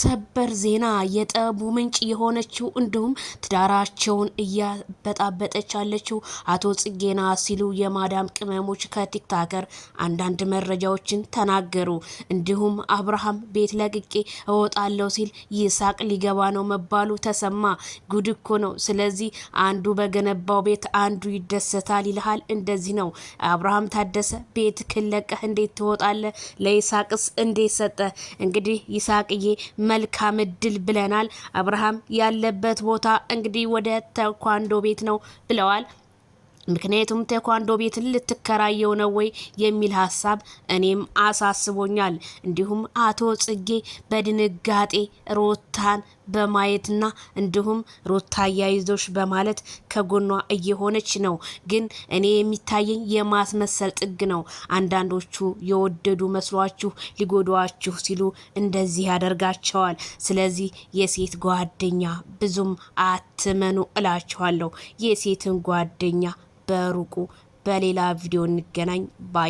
ሰበር ዜና የጠቡ ምንጭ የሆነችው እንዲሁም ትዳራቸውን እያበጣበጠች ያለችው አቶ ጽጌና ሲሉ የማዳም ቅመሞች ከቲክታከር አንዳንድ መረጃዎችን ተናገሩ። እንዲሁም አብርሃም ቤት ለቅቄ እወጣለሁ ሲል ይሳቅ ሊገባ ነው መባሉ ተሰማ። ጉድ እኮ ነው። ስለዚህ አንዱ በገነባው ቤት አንዱ ይደሰታል ይልሃል። እንደዚህ ነው። አብርሃም ታደሰ ቤት ክለቀህ እንዴት ትወጣለህ? ለይሳቅስ እንዴት ሰጠ? እንግዲህ ይሳቅዬ መልካም እድል ብለናል። አብርሃም ያለበት ቦታ እንግዲህ ወደ ተኳንዶ ቤት ነው ብለዋል። ምክንያቱም ቴኳንዶ ቤትን ልትከራየው ነው ወይ የሚል ሀሳብ እኔም አሳስቦኛል። እንዲሁም አቶ ጽጌ በድንጋጤ ሮታን በማየትና እንዲሁም ሮታ አያይዞሽ በማለት ከጎኗ እየሆነች ነው። ግን እኔ የሚታየኝ የማስመሰል ጥግ ነው። አንዳንዶቹ የወደዱ መስሏችሁ ሊጎዷችሁ ሲሉ እንደዚህ ያደርጋቸዋል። ስለዚህ የሴት ጓደኛ ብዙም አትመኑ እላችኋለሁ። የሴትን ጓደኛ በሩቁ በሌላ ቪዲዮ እንገናኝ ባይ